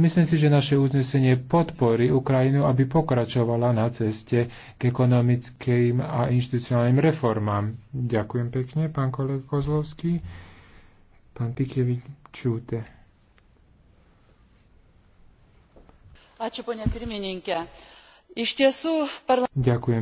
Myslím si, že naše uznesenie podporí Ukrajinu, aby pokračovala na ceste k ekonomickým a inštitucionálnym reformám. Ďakujem pekne, pán kolega Kozlovský. Pán Pikevič, čúte. parla... Ďakujem